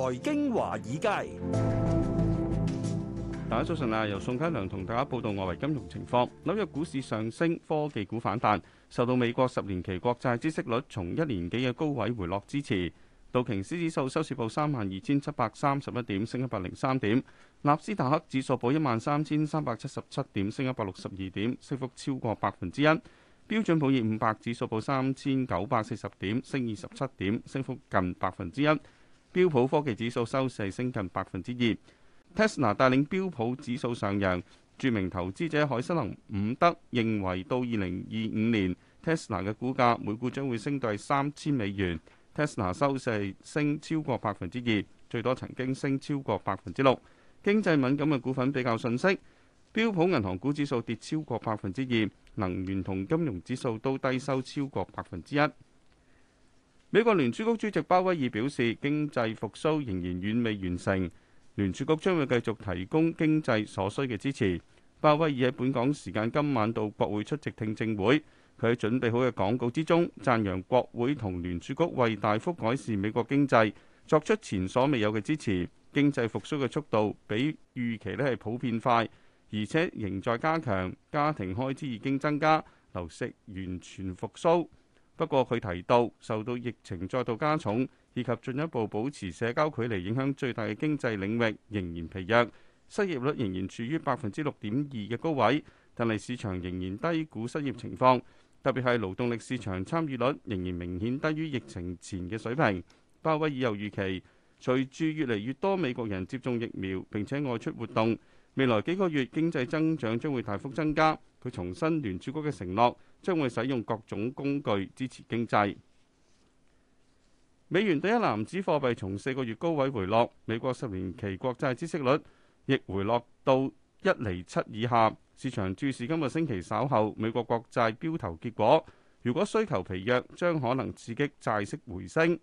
財經華爾街，大家早晨啊！由宋嘉良同大家報道外圍金融情況。紐約股市上升，科技股反彈，受到美國十年期國債孳息率從一年幾嘅高位回落支持。道瓊斯指數收市報三萬二千七百三十一點，升一百零三點；納斯達克指數報一萬三千三百七十七點，升一百六十二點，升幅超過百分之一；標準普爾五百指數報三千九百四十點，升二十七點，升幅近百分之一。標普科技指數收市升近百分之二，Tesla 帶領標普指數上揚。著名投資者海瑟林伍德認為到，到二零二五年，Tesla 嘅股價每股將會升到三千美元。Tesla 收市升超過百分之二，最多曾經升超過百分之六。經濟敏感嘅股份比較遜色。標普銀行股指數跌超過百分之二，能源同金融指數都低收超過百分之一。美國聯儲局主席鮑威爾表示，經濟復甦仍然遠未完成，聯儲局將會繼續提供經濟所需嘅支持。鮑威爾喺本港時間今晚到國會出席聽證會，佢喺準備好嘅講稿之中讚揚國會同聯儲局為大幅改善美國經濟作出前所未有嘅支持。經濟復甦嘅速度比預期呢係普遍快，而且仍在加強，家庭開支已經增加，樓市完全復甦。不過，佢提到受到疫情再度加重，以及進一步保持社交距離，影響最大嘅經濟領域仍然疲弱，失業率仍然處於百分之六點二嘅高位，但係市場仍然低估失業情況，特別係勞動力市場參與率仍然明顯低於疫情前嘅水平。鮑威爾又預期，隨住越嚟越多美國人接種疫苗並且外出活動。未來幾個月經濟增長將會大幅增加。佢重申聯儲局嘅承諾，將會使用各種工具支持經濟。美元對一籃子貨幣從四個月高位回落，美國十年期國債孳息率亦回落到一厘七以下。市場注視今個星期稍後美國國債標投結果，如果需求疲弱，將可能刺激債息回升。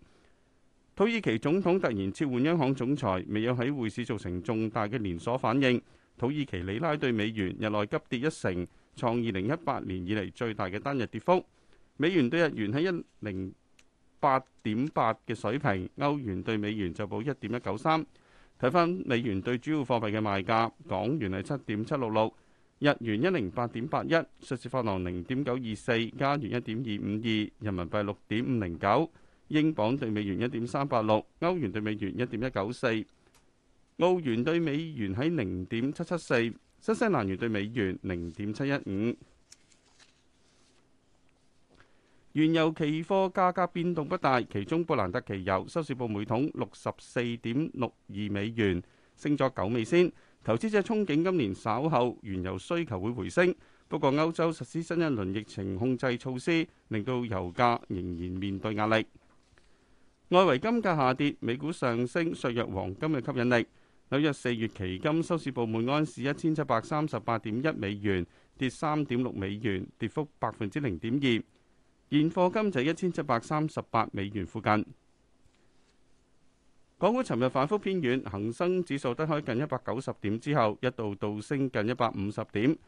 土耳其總統突然撤換央行總裁，未有喺匯市造成重大嘅連鎖反應。土耳其里拉對美元日內急跌一成，創二零一八年以嚟最大嘅單日跌幅。美元對日元喺一零八點八嘅水平，歐元對美元就報一點一九三。睇返美元對主要貨幣嘅賣價，港元係七點七六六，日元一零八點八一，瑞士法郎零點九二四，加元一點二五二，人民幣六點五零九，英鎊對美元一點三八六，歐元對美元一點一九四。澳元兌美元喺零點七七四，新西蘭元兌美元零點七一五。原油期貨價格變動不大，其中布蘭特期油收市報每桶六十四點六二美元，升咗九美仙。投資者憧憬今年稍後原油需求會回升，不過歐洲實施新一輪疫情控制措施，令到油價仍然面對壓力。外圍金價下跌，美股上升，削弱黃金嘅吸引力。紐約四月期金收市報每安市一千七百三十八點一美元，跌三點六美元，跌幅百分之零點二。現貨金就一千七百三十八美元附近。港股尋日反覆偏軟，恒生指數低開近一百九十點之後，一度倒升近一百五十點，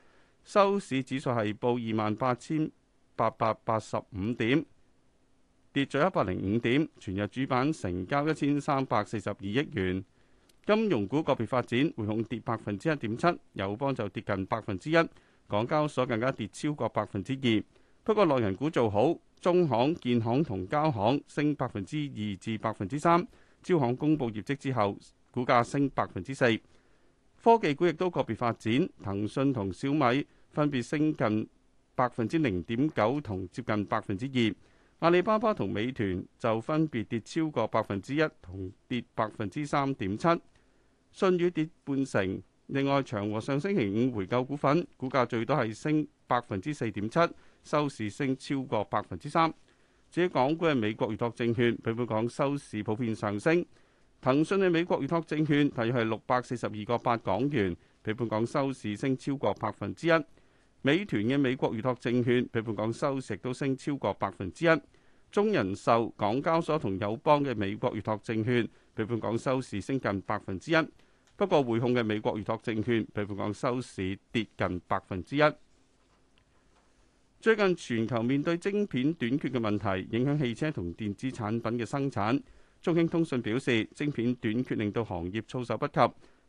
收市指數係報二萬八千八百八十五點，跌咗一百零五點。全日主板成交一千三百四十二億元。金融股個別發展，匯控跌百分之一點七，友邦就跌近百分之一，港交所更加跌超過百分之二。不過，內銀股做好，中行、建行同交行升百分之二至百分之三。招行公布業績之後，股價升百分之四。科技股亦都個別發展，騰訊同小米分別升近百分之零點九同接近百分之二。阿里巴巴同美團就分別跌超過百分之一，同跌百分之三點七，信宇跌半成。另外，長和上星期五回購股份，股價最多係升百分之四點七，收市升超過百分之三。至於港股嘅美國預託證券，比本港收市普遍上升。騰訊嘅美國預託證券大約係六百四十二個八港元，比本港收市升超過百分之一。美團嘅美國預託證券，比對港收市都升超過百分之一。中人壽、港交所同友邦嘅美國預託證券，比對港收市升近百分之一。不過匯控嘅美國預託證券，比對港收市跌近百分之一。最近全球面對晶片短缺嘅問題，影響汽車同電子產品嘅生產。中興通訊表示，晶片短缺令到行業措手不及，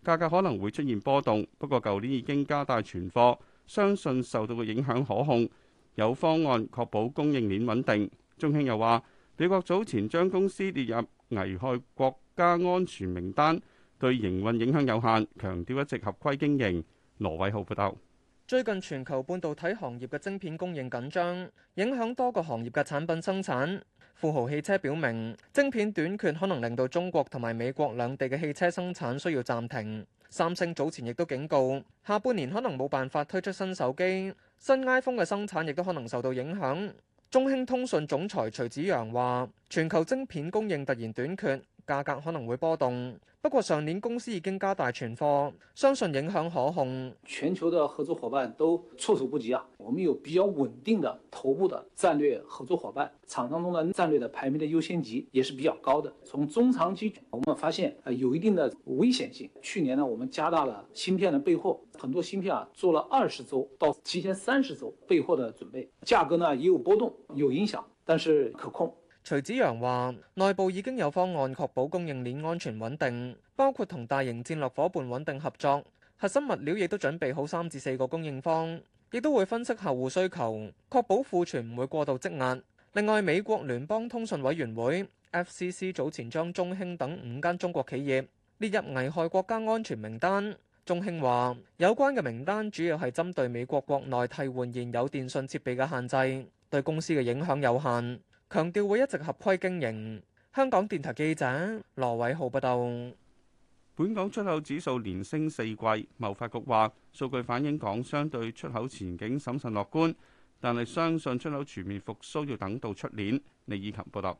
價格可能會出現波動。不過，舊年已經加大存貨。相信受到嘅影響可控，有方案確保供應鏈穩定。中興又話，美國早前將公司列入危害國家安全名單，對營運影響有限，強調一直合規經營。羅偉浩報道。最近全球半導體行業嘅晶片供應緊張，影響多個行業嘅產品生產。富豪汽車表明，晶片短缺可能令到中國同埋美國兩地嘅汽車生產需要暫停。三星早前亦都警告，下半年可能冇辦法推出新手機，新 iPhone 嘅生產亦都可能受到影響。中興通訊總裁徐子陽話，全球晶片供應突然短缺。價格可能會波動，不過上年公司已經加大存貨，相信影響可控。全球的合作伙伴都措手不及啊！我們有比較穩定的頭部的戰略合作伙伴，廠商中的戰略的排名的優先級也是比較高的。從中長期我們發現呃有一定的危險性。去年呢，我們加大了芯片的備貨，很多芯片啊做了二十周到提前三十周備貨的準備，價格呢也有波動，有影響，但是可控。徐子陽話：內部已經有方案確保供應鏈安全穩定，包括同大型戰略伙伴穩定合作。核心物料亦都準備好三至四個供應方，亦都會分析客戶需求，確保庫存唔會過度積壓。另外，美國聯邦通訊委員會 FCC 早前將中興等五間中國企業列入危害國家安全名單。中興話：有關嘅名單主要係針對美國國內替換現有電信設備嘅限制，對公司嘅影響有限。強調會一直合規經營。香港電台記者羅偉浩報道，本港出口指數連升四季，貿發局話數據反映港商對出口前景審慎樂觀，但係相信出口全面復蘇要等到出年。李以琴報道。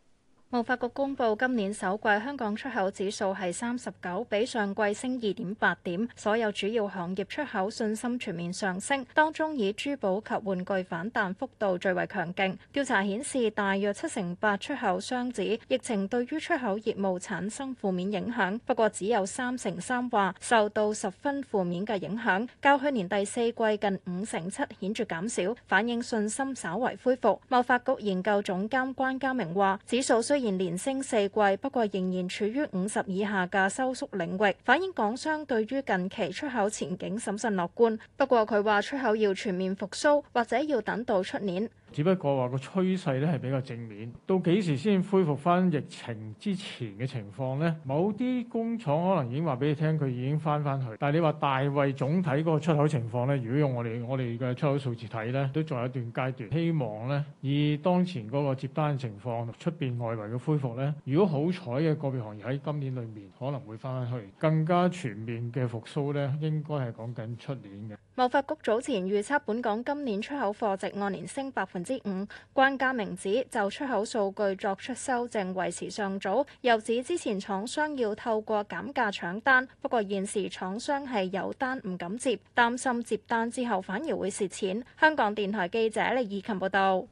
貿發局公布今年首季香港出口指數係三十九，比上季升二點八點。所有主要行業出口信心全面上升，當中以珠寶及玩具反彈幅度最為強勁。調查顯示，大約七成八出口商指疫情對於出口業務產生負面影響，不過只有三成三話受到十分負面嘅影響，較去年第四季近五成七顯著減少，反映信心稍為恢復。貿發局研究總監關家明話：指數雖雖然連升四季，不過仍然處於五十以下嘅收縮領域，反映港商對於近期出口前景審慎樂觀。不過佢話出口要全面復甦，或者要等到出年。只不過話個趨勢呢係比較正面，到幾時先恢復返疫情之前嘅情況呢？某啲工廠可能已經話俾你聽，佢已經返返去。但係你話大衞總體嗰個出口情況呢？如果用我哋我哋嘅出口數字睇呢，都仲有一段階段。希望呢，以當前嗰個接單的情況、出邊外圍嘅恢復呢，如果好彩嘅個別行業喺今年裏面可能會返返去，更加全面嘅復甦呢，應該係講緊出年嘅。貿發局早前預測本港今年出口貨值按年升百分之五，關家明指就出口數據作出修正，維持尚早，又指之前廠商要透過減價搶單，不過現時廠商係有單唔敢接，擔心接單之後反而會蝕錢。香港電台記者李以琴報道。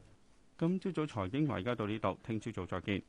今朝早財經華爾街到呢度，聽朝早再見。